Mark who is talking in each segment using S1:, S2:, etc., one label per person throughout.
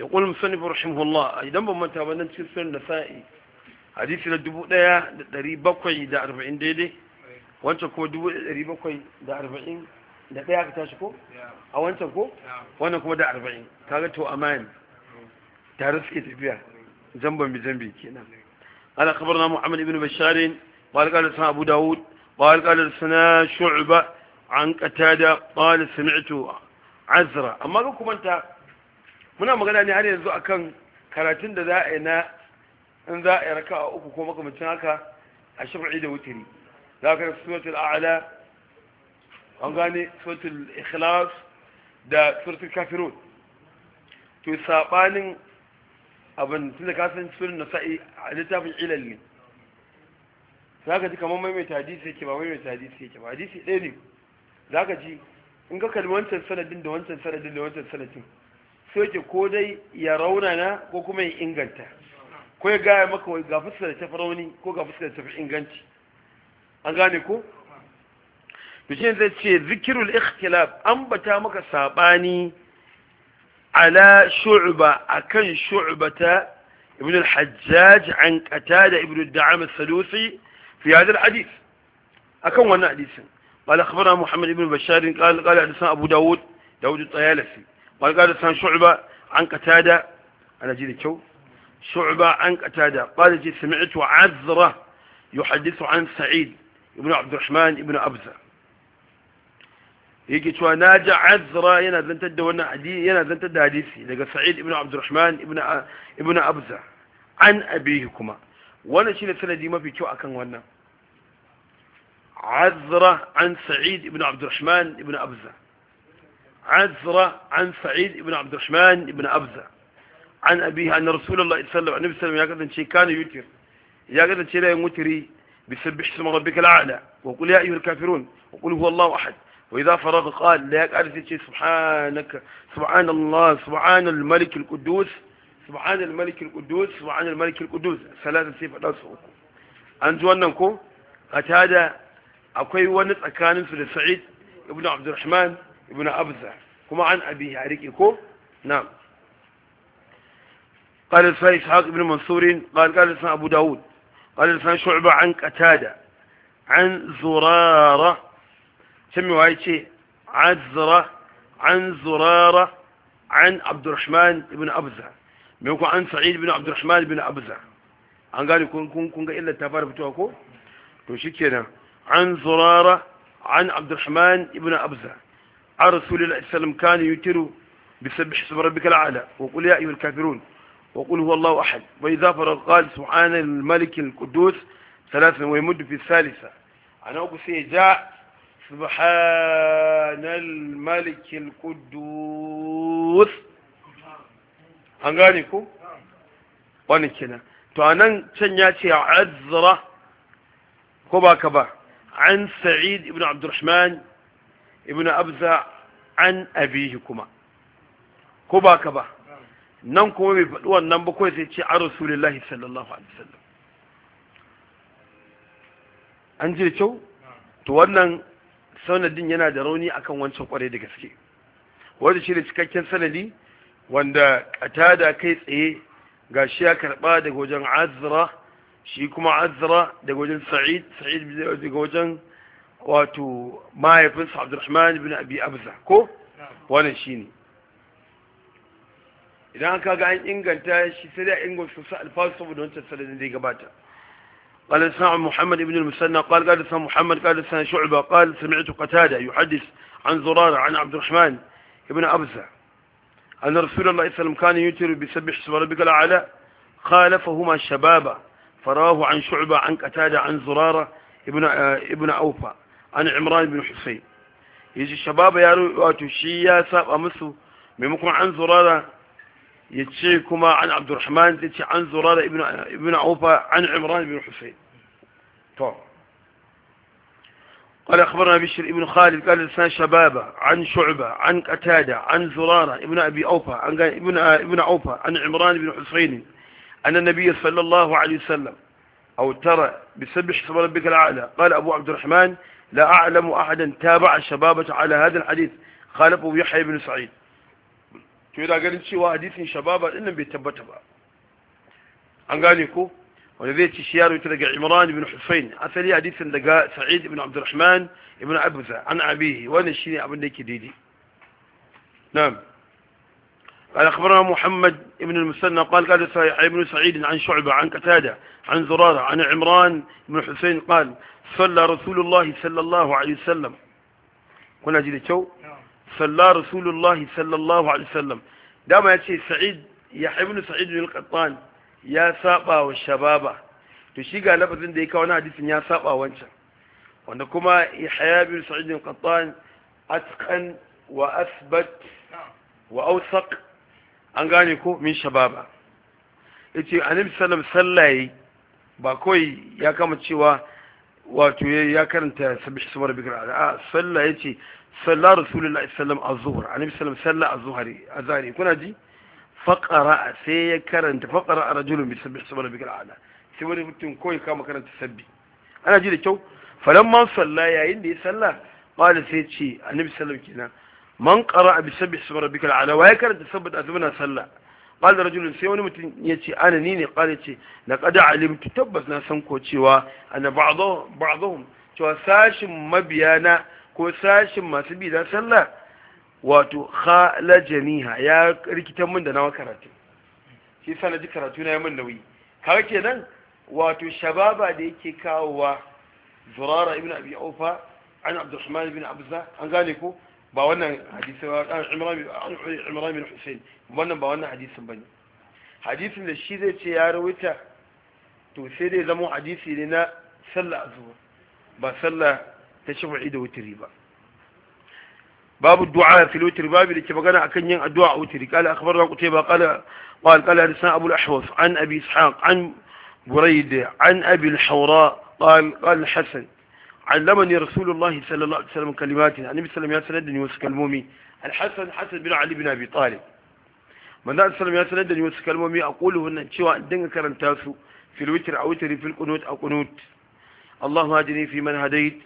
S1: ya ƙul musannif rahimahullah idan ban manta ba nan cikin sunan nasa'i na 1740 ديدي wancan ko 1740 da ɗaya ka tashi ko a wancan ko wannan kuma da 40 kaga to aman tare suke tafiya jamban bijambi kenan ala na muhammad ibn bashar قال قال سنا أبو داود قال قال da شعبة عن قتادة قال سمعت عزرة أما لكم muna magana ne har yanzu akan karatun da za a yi na in za a yi raka a uku ko makamacin haka a shafi'i da wutiri za ka rafi suratul a'ala an gane suratul ikhlas da suratul kafirun to sabanin abin tun da kasan surin nasa'i a littafin ilal ne za ka ji kamar maimaita hadisi yake ba maimaita hadisi yake ba hadisi ɗaya ne za ka ji in ka kalli wancan sanadin da wancan sanadin da wancan sanadin soke ko dai ya raunana ko kuma ya inganta ko ya gaya maka wai ga fuskar da tafi rauni ko ga fuskar da tafi inganci an gane ko to shi zai ce zikirul ikhtilaf ambata maka sabani ala shu'ba akan shu'bata ibn al-hajjaj an qatada ibn al-da'am al-sadusi fi hadha al-hadith akan wannan hadisin قال اخبرنا محمد بن بشار قال قال حدثنا ابو داود داود الطيالسي walgada san shu'ba an qatada ana ji da kyau shu'ba an qatada qala ji sami'tu azra yuhaddithu an sa'id ibn abd alrahman ibn abza yake cewa na ji azra yana zan da wannan hadisi yana zantar da hadisi daga sa'id ibn abd alrahman ibn abza an abihi kuma wannan shine sanadi mafi kyau akan wannan عذرة عن سعيد بن عبد الرحمن بن أبزة عن عن سعيد بن عبد الرحمن بن أبزة عن أبيه أن رسول الله صلى الله عليه وسلم يقول شيء كان يوتر يقول شيء لا يوتري بسبح اسم ربك الأعلى وقل يا أيها الكافرون وقل هو الله أحد وإذا فرغ قال لا يقال شيء سبحانك سبحان الله سبحان الملك القدوس سبحان الملك القدوس سبحان الملك القدوس ثلاثة سيف لا سبحانه أنتوا أنكم wannan أكوي ونس akwai wani ابن عبد الرحمن ibn abza kuma an abi ya rike ko na'am قال لسان إسحاق بن منصور قال قال لسان أبو داود قال لسان شعبة عن قتادة عن زرارة سمي هاي شيء عزرة عن زرارة عن عبد الرحمن بن أبزة ميكو عن سعيد بن عبد الرحمن بن أبزة عن قال يكون كون كون إلا التفار بتوعكو تو شكينا عن زرارة عن عبد الرحمن بن أبزة على رسول الله صلى الله عليه وسلم كان يتر بسبح اسم ربك الأعلى وقل يا أيها الكافرون وقل هو الله أحد وإذا فرغ قال سبحان الملك القدوس ثلاثا ويمد في الثالثة أنا أقصي جاء سبحان الملك القدوس أنغانيكم gane كنا wani kenan to كبا can ya ce azzara ko ba ibn abza an abihi kuma ko ba ka ba nan kuma bai faɗi wannan ba kawai sai ce a rasulullahi sallallahu alaihi wasallam an ji da kyau to wannan sanadin yana da rauni akan wancan kwarai da gaske wanda shi da cikakken sanadi wanda atada kai tsaye ga shi ya karɓa daga wajen azra shi kuma azra daga wajen sa'id sa'id daga wajen واتو ما abdurrahman عبد الرحمن بن أبي ابزه كو نعم. وانا شيني إذا an inganta shi sai da inganta su alfasu saboda wancan sanadin da ya gabata قال سمع محمد بن المسنى قال قال سمع محمد قال سمع شعبة قال سمعت قتادة يحدث عن زرارة عن عبد الرحمن بن أبزة أن رسول الله صلى الله عليه وسلم كان يتر بسبح اسم ربك الأعلى خالفهما الشباب فراه عن شعبة عن قتادة عن زرارة ابن آه، ابن أوفى عن عمران بن حسين يجي الشباب يا رواتو يا ساب امسو ميمكم عن زرارة يتشيكما عن عبد الرحمن يتشي عن زرارة ابن ابن عوفة عن عمران بن حسين طبعا قال اخبرنا بشر ابن خالد قال لسان شبابة عن شعبة عن قتادة عن زرارة ابن ابي عوفة عن ابن ابن عوفة عن عمران بن حسين ان النبي صلى الله عليه وسلم او ترى بسبح سبح ربك الاعلى قال ابو عبد الرحمن لا أعلم أحدا تابع الشبابة على هذا الحديث خالف يحيى بن سعيد اذا قال إن شوى حديث شبابة إنهم بيتبتبا عن قاليكو ولذي تشيار يتلقى عمران بن حسين أثلي حديث لقى سعيد بن عبد الرحمن بن عبزة عن أبيه وأنا الشيني أبنك ديدي نعم قال أخبرنا محمد بن المسنى قال قال يحيى بن سعيد عن شعبة عن قتادة عن زرارة عن عمران بن حسين قال صلى رسول الله صلى الله عليه وسلم كنا جيد شو صلى رسول الله صلى الله عليه وسلم دام يأتي سعيد يحيى بن سعيد بن القطان يا سابا والشبابة لفظ لفظين ديكا وانا حديث يا سابا وانشا وانا كما يحيى بن سعيد بن القطان أتقن وأثبت نعم. وأوثق an gane ko min shababa yace annabi sallallahu sallaye ba kawai ya kama cewa wato ya karanta sabbi shi samar a'la a ya ce sallar rasulullahi isallam a wasallam az-zuhr annabi sallallahu a az-zuhri azhari kuna ji faqara sai ya karanta faƙara a rajulun bi samar isma a a'la sai wani mutum kawai kama karanta sabbi ana ji da kyau man sallah yayin da ya sallah da sai ce annabi sallallahu kenan man qara bi sabbi ismi rabbikal ala wa karanta sabbat azmana sallah da rajulun sai wani mutum ya ce ana ni ne qala yace laqad alimtu tabbas na san ko cewa ana ba'dhu ba'dhum cewa sashin mabiyana ko sashin masu bi na sallah wato khalajaniha ya rikitan min da nawa karatu shi sa na ji karatu na yamin nauyi kaga kenan wato shababa da yake kawowa zurara ibn abi aufa an abdurrahman ibn abza an gane ko ba wannan hadisi ba an imran bin hussein wannan ba wannan hadisin bane hadisin da shi zai ce ya rawaita to sai dai zama hadisi ne na sallah azhur ba sallah ta shafi'i da wutri ba باب الدعاء في الوتر باب اللي تبقنا أكن ين الدعاء وتري قال أخبرنا قتيبة قال قال قال حدثنا أبو الأحوص عن أبي إسحاق عن an عن أبي الحوراء قال قال الحسن علمني رسول الله صلى الله عليه وسلم كلمات النبي صلى الله عليه وسلم يسندني الحسن حسن بن علي بن ابي طالب من ذا صلى الله عليه وسلم يسندني وسكلمومي اقولهن cewa in dinga في الوتر او witr في القنوت او قنوت aw qunut اللهم هدني في من هديت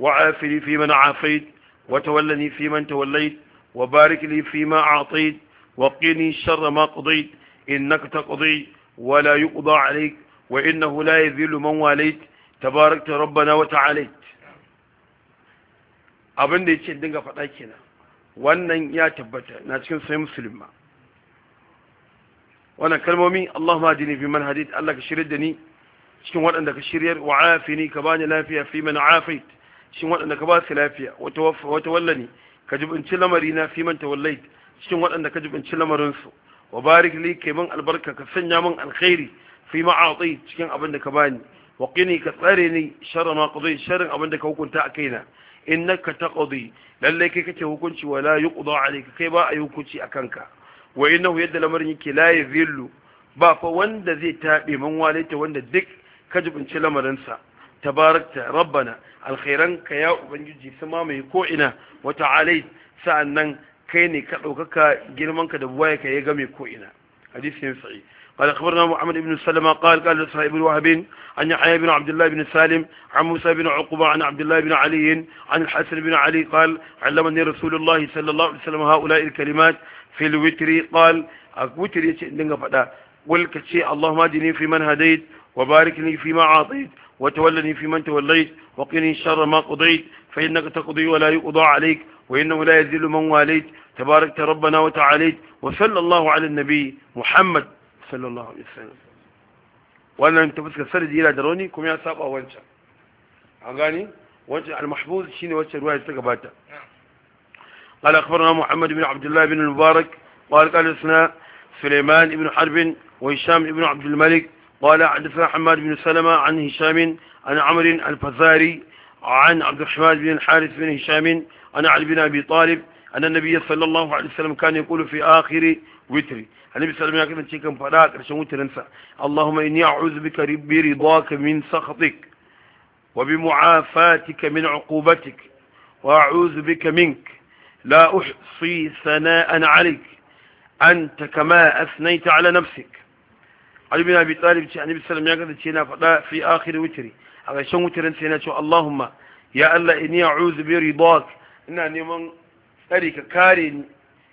S1: وعافني في من عافيت وتولني في من توليت وبارك لي فيما اعطيت وقني شر ما قضيت انك تقضي ولا يقضى عليك وانه لا يذل من واليت تباركت ربنا وتعاليت abin da yake dinga faɗa kenan wannan ya tabbata na cikin sai musulma wannan kalmomi Allahumma adini fi man hadith Allah ka shirya da ni cikin waɗanda ka shiryar wa afini ka bani lafiya fi man afait cikin waɗanda ka ba su lafiya wata wata wallani ka jibinci lamari na fi man tawallait cikin waɗanda ka jibinci lamarin su wa barik li kai min albarka ka sanya min alkhairi fi ma a'ti cikin abin da ka bani wa qini ka tsare ni sharra ma qadai sharrin abin da ka hukunta a kaina innaka taqdi lalle kai kake hukunci wala yuqda alayka kai ba a hukunci akan ka wa innahu yadda lamarin yake la yazillu ba fa wanda zai tabe man ta wanda duk ka jibinci lamarin sa tabarakta rabbana alkhairan ka ya ubangiji sama mai ko ina wa sa'an nan kai ne ka daukaka girman ka da buwaye ka ya game ko ina hadisi ne sa'i قال أخبرنا محمد بن سلمة قال قال صاحب الوهبين عن يحيى بن عبد الله بن سالم عن موسى بن عقبة عن عبد الله بن علي عن الحسن بن علي قال علمني رسول الله صلى الله عليه وسلم هؤلاء الكلمات في الوتر قال الوتر يتنغ قل كشي اللهم اهدني فيمن هديت وبارك لي فيما عطيت وتولني فيمن توليت وقني شر ما قضيت فإنك تقضي ولا يقضى عليك وإنه لا يذل من واليت تباركت ربنا وتعاليت وصلى الله على النبي محمد صلى الله عليه وسلم wannan ta fuskar sanadi yana da rauni kuma ya saba wancan an gane wancan al-mahfuz shine wacce ruwaya ta gabata قال أخبرنا محمد بن عبد الله بن المبارك قال قال لسنا سليمان بن حرب وهشام بن عبد الملك قال حدثنا حماد بن سلمة عن هشام عن عمر الفزاري عن عبد الرحمن بن الحارث بن هشام عن علي بن أبي طالب أن النبي صلى الله عليه وسلم كان يقول في آخر وتري النبي صلى الله عليه وسلم كان في عشان وترنسى اللهم إني أعوذ بك برضاك من سخطك وبمعافاتك من عقوبتك وأعوذ بك منك لا أحصي ثناء عليك أنت كما أثنيت على نفسك علي بن أبي طالب النبي صلى الله عليه وسلم يقول في آخر وتري عشان وترنسى اللهم يا الله إني أعوذ برضاك إنا نمن tsari ka kare ni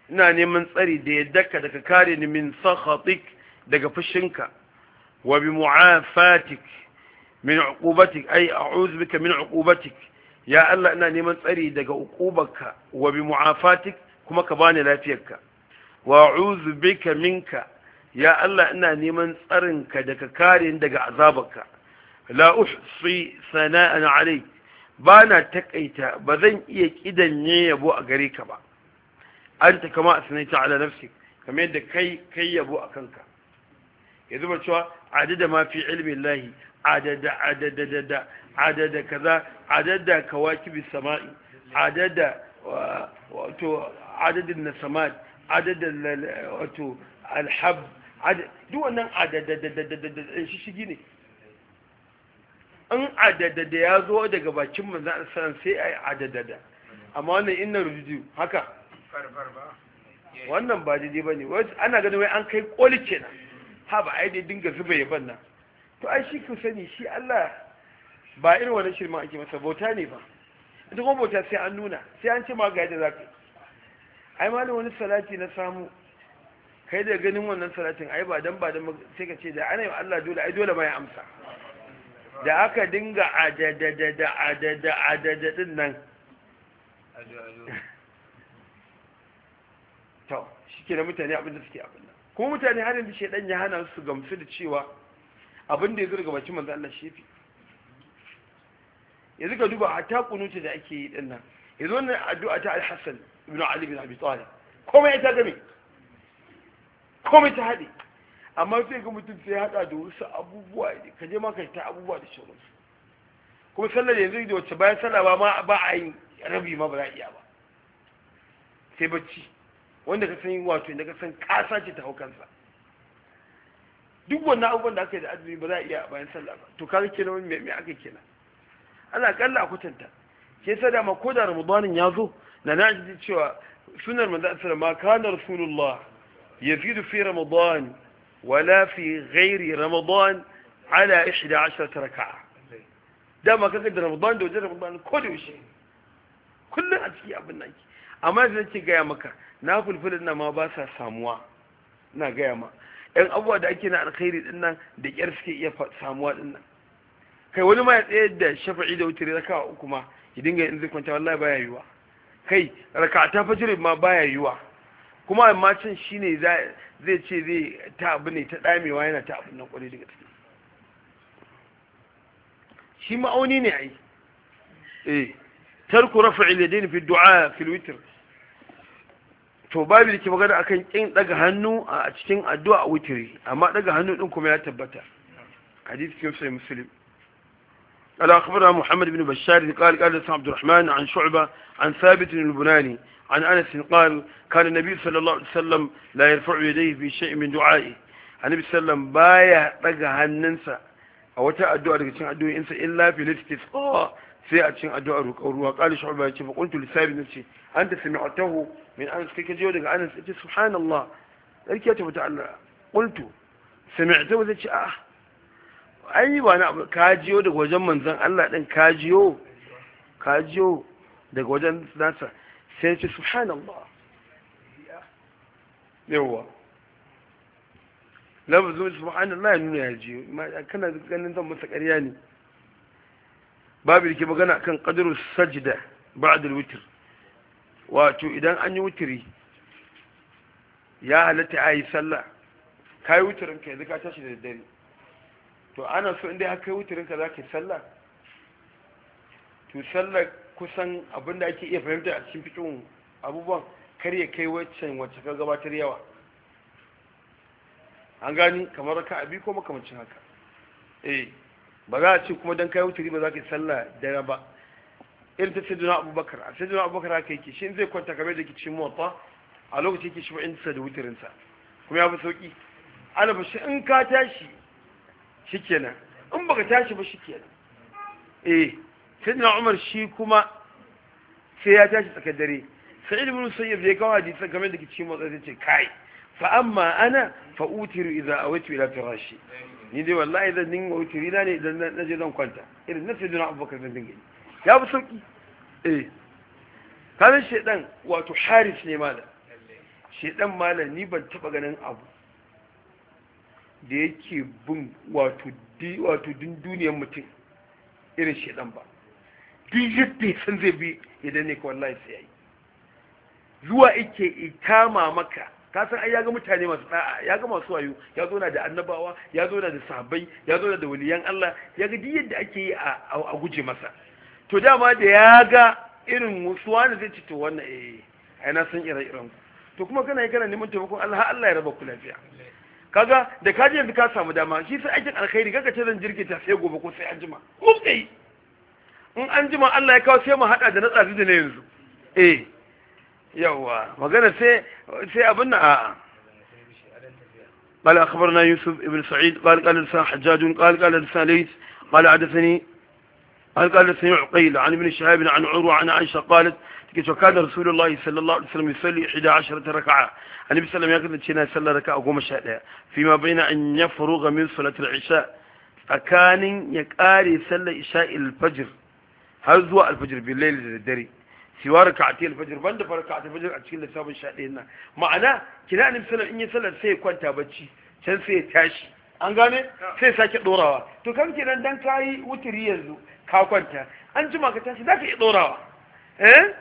S1: ina neman tsari da yaddaka da ka kare ni min sakhatik daga fushinka wa bi mu'afatik min uqubatik ay a'udhu bika min uqubatik ya Allah ina neman tsari daga uqubarka wa bi mu'afatik kuma ka bani lafiyarka wa a'udhu bika minka ya Allah ina neman tsarinka daga kare ni daga azabarka la uhsi sana'an alayk ba na takaita ba zan iya kidanye yabo a gare ka ba an ta kama a sanai ta ala nafsi kamar yadda kai kai yabo a kanka ya zuba cewa adada ma fi ilmi lahi adada adada adada adada kaza adada kawakibi sama'i adada wato adadin na samad adada wato alhab duk wannan adada shi shigi ne in adada da ya zo daga bakin manzan san sai a yi adada da amma wannan inna rujudu haka wannan ba daidai ba ne ana ganin wai an kai koli kenan ha ba ai dai dinga zuba yaban nan to ai shi ku sani shi Allah ba irin wannan shirma ake masa bauta ne ba ita kuma bauta sai an nuna sai an ce ma ga yadda zaka ai ma wani salati na samu kai da ganin wannan salatin ai ba dan ba dan sai ka ce da ana yi Allah dole ai dole ma ya amsa da aka dinga adadadada adada adada din nan to shike da mutane abin da suke abin nan kuma mutane har yanzu shedan ya hana su gamsu da cewa abin da ya zurga bacin manzo Allah shi fi. Ya ka duba a kunuta da ake yi din nan Ya yanzu wannan addu'a ta Alhassan hasan ibn Ali bin Abi Talib komai ta game komai ta hade amma sai ga mutum sai hada da wasu abubuwa ka je maka ta abubuwa da shirin kuma sallar yanzu da wacce bayan sallar ba ma ba a yi rabi ma ba za a iya ba sai bacci wanda ka san wato inda ka san kasa ce ta hau kansa duk wannan abubuwan da aka yi da azumi ba za a iya bayan sallar ba to kaga kenan wani mai aka kenan ana kalla a kwatanta ke yasa dama ko da ramadanin ya zo na na ji cewa sunar manzo sallallahu alaihi wasallam kana rasulullah yazidu fi ramadan wala fi ghairi ramadan ala 11 raka'a dama kaga da ramadan da wajen ramadan ko da yaushe kullum a ciki abin nan amma da nake gaya maka na fulfilin na ma ba sa samuwa na gaya ma yan abubuwa da ake na alkhairi din nan da ƙyar suke iya samuwa din nan kai wani ma ya tsaye da shafa'i da wutare raka'a uku ma ya dinga yin zai kwanta wallahi baya yiwa kai raka'a ta fajr ma baya yiwa kuma amma can shi ne zai ce zai ta abu ne ta ɗamewa yana ta abu nan kwarai daga ciki shi ma'auni ne yi eh tarku rafa iladin fi du'a fil witr to babu da ke magana akan kin daga hannu a cikin addu'a a wutiri amma daga hannu din kuma ya tabbata hadith kin sai muslim قال أخبرنا محمد بن بشار قال قال لسان عبد الرحمن عن شعبة عن ثابت البناني عن أنس قال كان النبي صلى الله عليه وسلم لا يرفع يديه في شيء من دعائه النبي صلى الله عليه وسلم باية رجع هننسى أو تأدوا على أدوا إنسى إلا في الاستسقاء في أتشين أدوا أروها قال شعبة فقلت لثابت نفسي أنت سمعته من أنس كيف كجيو أنس سبحان الله قلت سمعته وذلك آه ai ba na ka jiyo daga wajen manzon Allah din ka jiyo ka jiyo daga wajen nasa sai ce subhanallah yawa lafazin subhanallah ya nuna ya jiyo kana ganin zan masa ƙarya ne babu da ke magana kan ƙadarun sajida ba'adar wutir wato idan an yi wutiri ya halatta a yi sallah ka yi wutirin ka yanzu ka tashi da dare to ana so inda haka yi wutarinka za ka yi sallah to sallah kusan abinda ake iya fahimta a cikin fikin abubuwan kar ya kai waccan wacce ka gabatar yawa an gani kamar ka abi ko makamancin haka eh ba za a ce kuma don kai wutari ba za ka yi sallah dare ba irin ta sai duna abubakar a sai duna abubakar haka yake shi zai kwanta kamar da ke cikin mota a lokacin yake shi ba inda da wutarinsa kuma ya fi sauki ana ba in ka tashi shikenan in baka tashi ba shikenan eh sayyidina umar shi kuma sai ya tashi tsakar dare sai ibn sayyid da ya kawo hadisi game da kici cikin zai ce kai fa amma ana fa utiru idza awaitu ila tarashi ni dai wallahi zan dinga wuturi na ne idan na je zan kwanta irin na sayyidina abubakar zan dinga ya fi sauki eh kanin shedan wato haris ne malam shedan malam ni ban taba ganin abu da yake bin wato din duniyar mutum irin shaidan ba duk yadda ya san zai bi idan ne ka wallahi sai yi zuwa yake ikama maka ka san ai ya ga mutane masu da'a ya ga masu wayo ya zo na da annabawa ya zo na da sahabbai ya zo na da waliyan Allah ya ga duk yadda ake yi a guje masa to dama da ya ga irin wasu wani zai ci to wannan eh ai na san ire-iren to kuma kana yi kana neman taimakon Allah Allah ya raba ku lafiya kaga da ka je yanzu ka samu dama shi sai aikin alkhairi kaga ce zan ta sai gobe ko sai anjima mutsayi in anjima Allah ya kawo sai mu hada da na tsafi da ne yanzu eh yawa magana sai sai abin na a'a قال أخبرنا يوسف بن سعيد قال قال لسان حجاج قال قال لسان ليث قال قال قال سمع قيل عن ابن شهاب عن عروة عن عائشة قالت كان رسول الله صلى الله عليه وسلم يصلي 11 ركعة النبي صلى الله عليه وسلم يقول لنا ركعة وقوم فيما بين أن يفرغ من صلاة العشاء أكان يقاري صلى عشاء الفجر هو الفجر بالليل الدري سوى ركعتي الفجر بند فركعتي الفجر أتشكل لسابن لنا معناه كنا أن مثلا إن يصلى سيكون تابتشي كان سيتاشي an gane sai sake dorawa to kan kenan dan kayi wutiri yanzu ka kwanta an jima ka tashi ka iya dorawa eh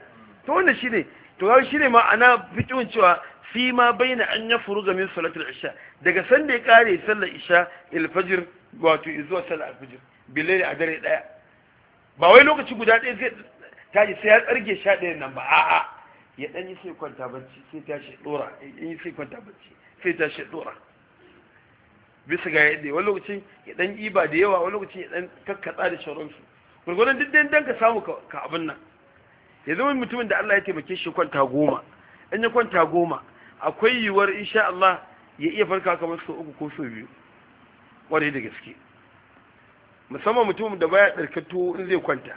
S1: to shi ne to shi ne ma ana fitin cewa fi ma bayyana an ya furu gami salatul isha daga sanda ya kare sallar isha ilfajir wato zuwa sallar alfajir bilal a dare daya ba wai lokaci guda ɗaya zai tashi sai ya tsarge sha ɗayan nan ba a'a ya dan yi sai kwanta bacci sai tashi ɗora in yi sai kwanta bacci sai tashi ɗora bisa ga yadda wani lokacin ya ɗan iba da yawa wani lokacin ya dan kakkatsa da su gurgurdan duk dan ka samu ka abin nan ya zama mutumin da Allah ya taimake shi kwanta goma in ya kwanta goma akwai yiwuwar insha Allah ya iya farka kamar sau uku ko sau biyu kwarai da gaske musamman mutumin da baya ɗarkato in zai kwanta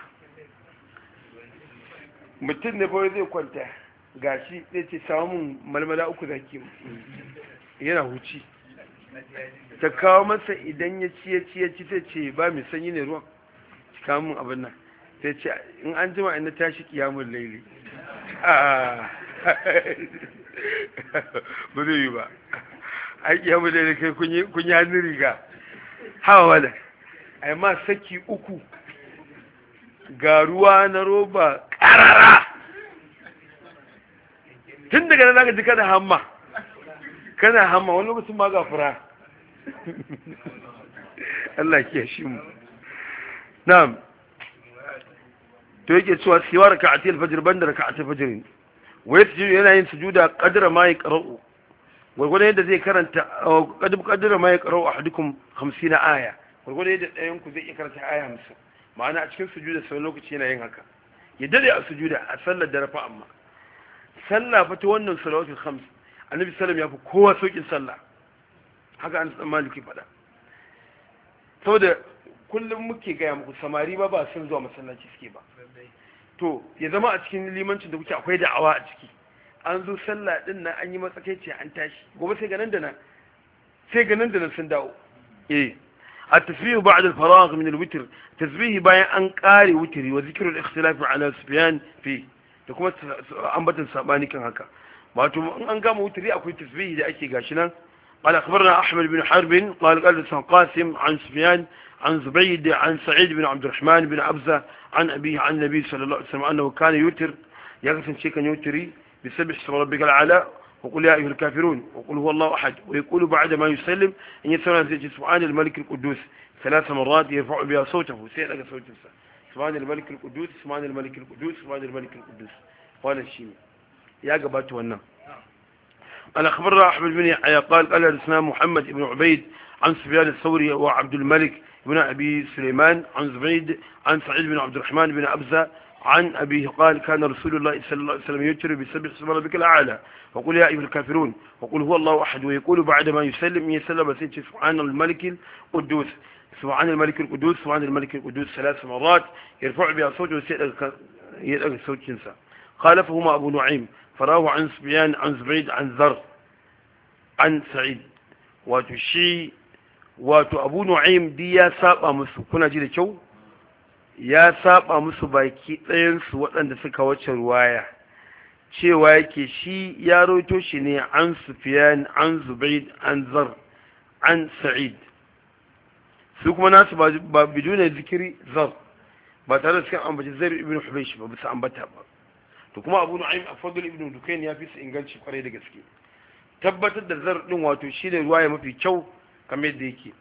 S1: mutum ne fa zai kwanta gashi zai ce samun malmala uku zaki yana huci ta kawo masa idan ya ci ya ci ya ci ce ba mai sanyi ne ruwan Samun abin nan sai ce in an jima ina tashi kiyamun laili ba zai yi ba ai kiyamun laili kai kun yi hannun riga hawa wadda yi ma saki uku ga ruwa na roba ƙarara tun daga nan zaka ji kana hamma kana hamma wani lokacin ma ga fura Allah ke shi mu na'am to yake cewa siwa raka'atil fajr banda yana yin sujuda qadra ma yaqra'u gurgurda zai karanta qadab qadra ma yaqra'u ahadukum 50 aya gurgurda yadda ɗayan zai karanta aya 50 ma'ana a cikin sujuda sai lokaci yana yin haka ya dade a sujuda a sallar da rafa amma sallah fa ta wannan salawatul khams annabi sallam ya fi kowa saukin sallah haka an tsammani ki faɗa kullum muke gaya muku samari ba ba sun zuwa masallaci suke ba to ya zama a cikin limancin da kuke akwai da'awa a ciki an zo sallah din nan an yi matsakaici an tashi gobe sai ganin da nan sai ganin da nan sun dawo eh al faragh min al witr tasbihu bayan an kare witri wa zikru al-ikhtilaf ala sufyan fi da kuma ambatan sabani kan haka wato in an gama witri akwai tasbihi da ake gashi nan قال أخبرنا أحمد بن حرب قال قال سن قاسم عن سفيان عن زبيد عن سعيد بن عبد الرحمن بن عبزة عن أبيه عن النبي صلى الله عليه وسلم أنه كان يوتر يغسل شيئا يوتري بسبح اسم ربك الأعلى وقل يا أيها الكافرون وقل هو الله أحد ويقول بعد ما يسلم أن يسلم سبحان الملك القدوس ثلاث مرات يرفع بها صوته سيئلك صوته سبحان الملك القدوس سبحان الملك القدوس سبحان الملك القدوس قال الشيمي يا قبات ونا قال أخبرنا أحمد بن يحيى قال قال رسنا محمد بن عبيد عن سفيان الثوري وعبد الملك بن أبي سليمان عن زبيد عن سعيد بن عبد الرحمن بن أبزة عن أبيه قال كان رسول الله صلى الله عليه وسلم يتر بسبح اسم ربك الأعلى وقل يا أيها الكافرون وقل هو الله أحد ويقول بعد ما يسلم يسلم سيد سبحان الملك القدوس سبحان الملك القدوس سبحان الملك القدوس ثلاث مرات يرفع بها صوته يسأل صوت جنسه خالفهما أبو نعيم فراه عن سبيان عن زبيد عن ذر عن سعيد وتشي wato abu Nu'aim di ya saba musu kuna ji da kyau ya saba musu baki ɗayansu waɗanda suka wace ruwaya cewa yake shi ya roto shi ne an sufiyan an zubaid an zar an sa'id su kuma nasu ba bidu ne zikiri zar ba tare da suka ambaci zar ibn hubaish ba bisa ambata ba to kuma abu Nu'aim a fadl ibn dukain ya fi su inganci kwarai da gaske tabbatar da zar din wato shi ne ruwaya mafi kyau kamar ديكي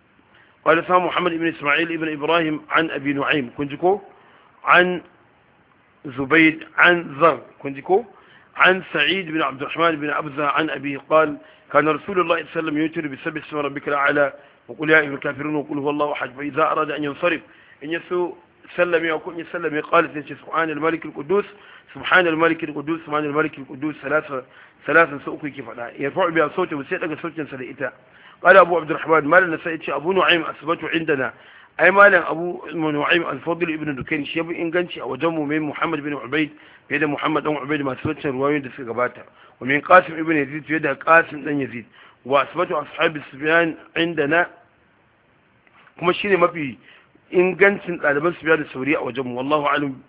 S1: قال فهم محمد بن إسماعيل بن إبراهيم عن أبي نعيم كنتكو عن زبيد عن زر كنتكو عن سعيد بن عبد الرحمن بن أبزة عن أبيه قال كان رسول الله صلى الله عليه وسلم يوتر بسبح اسم ربك الأعلى وقل يا أيها الكافرون وقل هو الله أحد فإذا أراد أن ينصرف إن يسو سلم يكون يسلم قال سبحان الملك القدوس سبحان الملك القدوس سبحان الملك القدوس ثلاثة ثلاثة سأقوي كيف يرفع بها صوته وسيطلق صوته سلئتا قال أبو عبد الرحمن ما لنا سيتي أبو نعيم أثبته عندنا أي ما لنا أبو نعيم الفضل بن دكين شيب إنجنشي أو دمه من محمد بن عبيد بيد محمد أم عبيد ما أثبتش رواية في قباتها ومن قاسم ابن يزيد بيد قاسم بن يزيد وأثبته أصحاب السبيان عندنا كما شيء ما في إنجنشن على بس بيد السورية أو دمه والله أعلم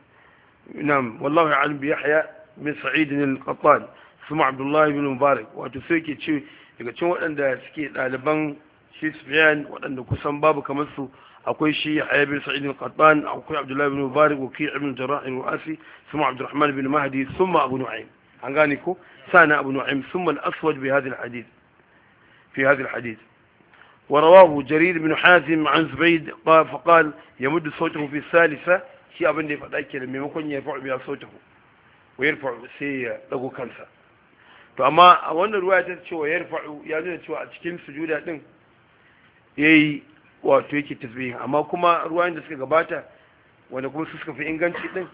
S1: نعم والله أعلم بيحيى بن سعيد القطان ثم عبد الله بن مبارك وتسيكي daga cikin waɗanda suke ɗaliban shisfiyan waɗanda kusan babu kamar su akwai shi a bin sa'idin bin akwai abdullahi bin mubarak wa ki'i bin jarrah bin wasi thumma abdurrahman bin mahdi thumma abu nu'aym an gane ko sana abu nu'aym thumma al-aswad bi hadhihi bin hadith fi hadhihi al-hadith ورواه جرير بن حازم عن زبيد فقال يمد صوته في الثالثة شيء أبن ya فدأك لما يكون يرفع بها صوته ويرفع سي لغو kansa. to amma a wannan ruwa ta cewa ya rufa'u ya nuna cewa a cikin sujuda din ya yi wato yake tasbihi amma kuma ruwayan da suka gabata wanda kuma suka fi inganci din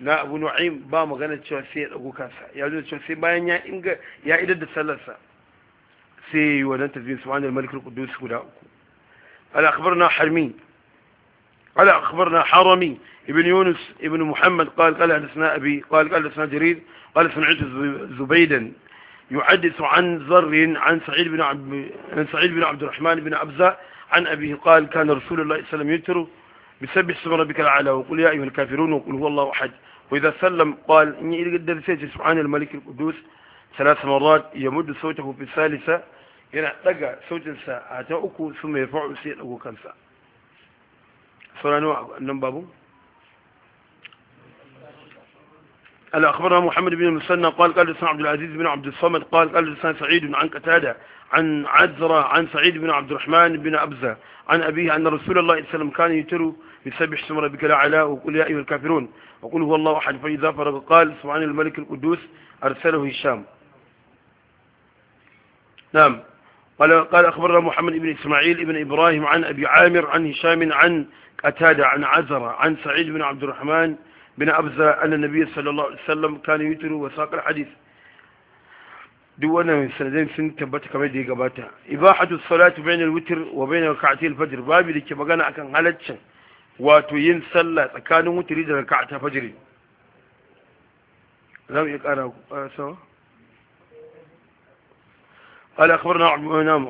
S1: na Abu Nu'aym ba magana cewa sai ya dago kansa ya nuna cewa sai bayan ya inga ya idar da sallarsa sai yayi wannan tasbihi subhanal malikul qudus guda uku ala akhbarna harmi قال أخبرنا حرمي ابن يونس ابن محمد قال قال حدثنا أبي قال قال حدثنا جرير قال سمعت زبيدا يحدث عن ذر عن سعيد بن عبد عن سعيد بن عبد الرحمن بن أبزة عن أبيه قال كان رسول الله صلى الله عليه وسلم يتر بسبح اسم ربك الأعلى وقل يا أيها الكافرون وقل هو الله أحد وإذا سلم قال إني قدر سيدي سبحان الملك القدوس ثلاث مرات يمد صوته في الثالثة هنا daga صوت الساعة ثم يرفع su أبو كنسا sai ya نمبر قال أخبرنا محمد بن المسنى قال قال لسان عبد العزيز بن عبد الصمد قال قال لسان سعيد بن عن قتادة عن عزرة عن سعيد بن عبد الرحمن بن أبزة عن أبيه أن رسول الله صلى الله عليه وسلم كان يتر يسبح اسم ربك الأعلى وقل يا أيها الكافرون وقل هو الله أحد فإذا فرغ قال سبحان الملك القدوس أرسله هشام نعم قال قال أخبرنا محمد بن إسماعيل بن إبراهيم عن أبي عامر عن هشام عن قتادة عن عزرة عن سعيد بن عبد الرحمن بن أبزة أن النبي صلى الله عليه وسلم كان يتر وساق الحديث دوانا من سندين سن تبت كما يدي قباتا إباحة الصلاة بين الوتر وبين ركعتي الفجر بابي لك بغانا أكن غلتش واتو ين صلى كان وتر إذا فجري لم يقارا آه، سوا قال أخبرنا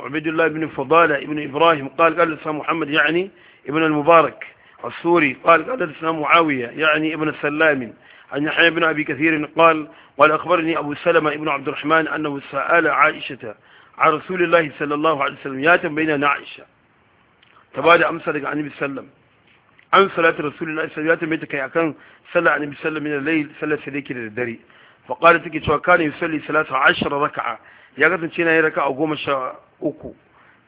S1: عبد الله بن فضالة ابن إبراهيم قال قال لسا محمد يعني ابن المبارك السوري قال حدثنا معاوية يعني ابن السلام عن يحيى بن أبي كثير قال قال أخبرني أبو سلمة ابن عبد الرحمن أنه سأل عائشة عن رسول الله صلى الله عليه وسلم يا بين عائشة تبادل أمس لك عن النبي صلى الله عليه وسلم عن صلاة رسول الله صلى الله عليه وسلم يتكي كان صلى عن النبي صلى الله عليه وسلم من الليل صلى سليك للدري فقال تكي وكان يصلي ثلاثة عشر ركعة يا قد نتينا ركعة أقوم قوم شاء أكو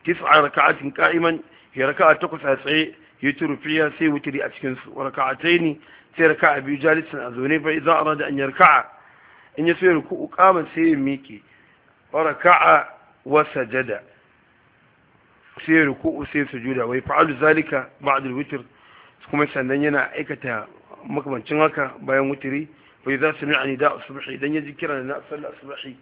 S1: تسع ركعات قائما هي ركعة تقص أسعي ya ci rufiya sai wutiri a cikin su raka'atai ne sai raka'a biyu jalisan a zaune fa idan arada an yarka'a in ya so ya ruku'u kama sai ya miƙe raka'a wa sajada sai ya ruku'u sai ya sujuda wai fa'alu zalika ba'da witr kuma sannan yana aikata makamancin haka bayan wutiri fa idan sami'a nida subhi idan ya ji kira na sallah subhi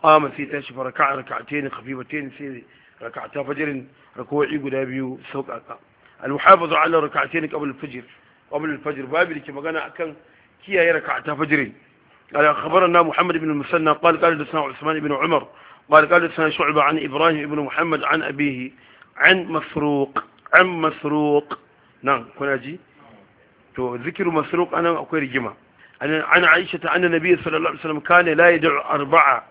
S1: qama sai ta shi raka'a raka'atayn khafifatayn sai raka'ata fajrin raku'i guda biyu sauƙaƙa al-muhafazu ala rak'atayn qabl al-fajr qabl al-fajr babu dake magana akan kiyaye rak'ata fajr قال خبرنا محمد بن المسنى قال قال لسنا عثمان بن عمر قال قال لسنا شعبة عن إبراهيم بن محمد عن أبيه عن مسروق عن مسروق نعم كنا جي تو ذكر مسروق أنا أقول جمع عن عائشة أن النبي صلى الله عليه وسلم كان لا يدع أربعة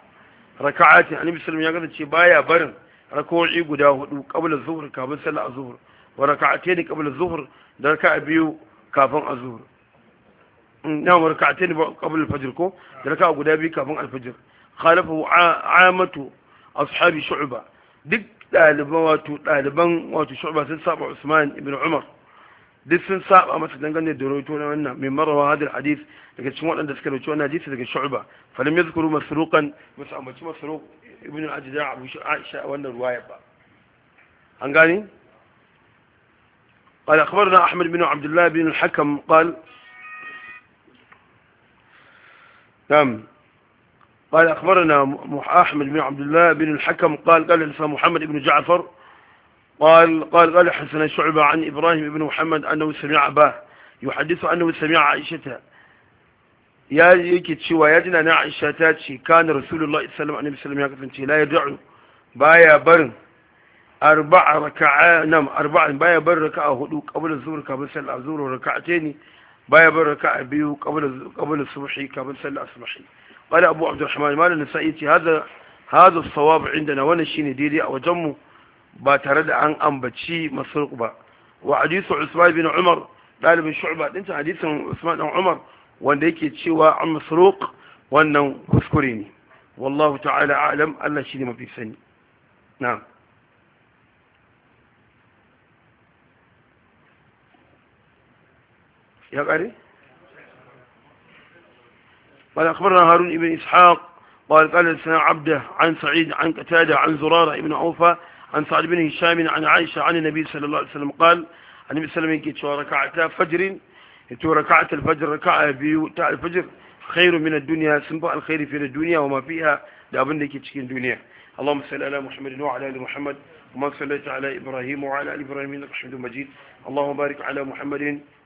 S1: ركعات النبي صلى الله عليه وسلم يقول بايا برن ركوعي قداه قبل الظهر قبل صلاة الظهر wa raka'atayn qabla adh-dhuhr da raka'a biyu kafin azhur na a raka'atayn qabla al-fajr ko da raka'a guda biyu kafin al-fajr khalafahu amatu ashabi shu'ba duk ɗaliban wato ɗaliban wato shu'ba sun saba Usman ibn Umar duk sun saba masa dangane da rawaito na wannan mai marawa hadar hadith daga cikin waɗanda suka rawaito wannan hadisi daga shu'ba falam yadhkuru masruqan musa ambaci masruq ibn al-ajda abu aisha wannan ruwaya ba an gani قال أخبرنا أحمد بن عبد الله بن الحكم قال نعم قال أخبرنا أحمد بن عبد الله بن الحكم قال قال حسن محمد بن جعفر قال قال قال حسن شعبة عن إبراهيم بن محمد أنه سمع أباه يحدث أنه سمع عائشة يا yake cewa ya ji na Aisha ta ce kana Rasulullahi sallallahu alaihi wasallam ya kasance la yad'u arba'a raka'a nam arba'a baya bar a hudu qabla zuhr kafin sallah zuhr raka'atayn baya bar raka'a biyu qabla qabla subhi kafin sallah subhi qala abu abdurrahman mal an-nasa'i hada hada as-sawab indana wannan shine daidai a wajenmu ba tare da an ambaci masruq ba wa hadithu usman bin umar dalibin shu'ba din hadisin usman dan umar wanda yake cewa an masruq wannan kuskure ne wallahu ta'ala a'lam Allah shine mafi sani na'am يا قاري قال أخبرنا هارون بن إسحاق قال قال لسنا عبده عن سعيد عن قتادة عن زرارة بن عوفة عن سعد بن هشام عن عائشة عن النبي صلى الله عليه وسلم قال النبي صلى الله عليه وسلم ركعتا فجر تو ركعت الفجر ركعة بتاع الفجر خير من الدنيا سنبع الخير في الدنيا وما فيها لابن لك تشكين دنيا اللهم صل على محمد وعلى آل محمد وما صليت على إبراهيم وعلى آل إبراهيم إنك حميد مجيد اللهم بارك على محمد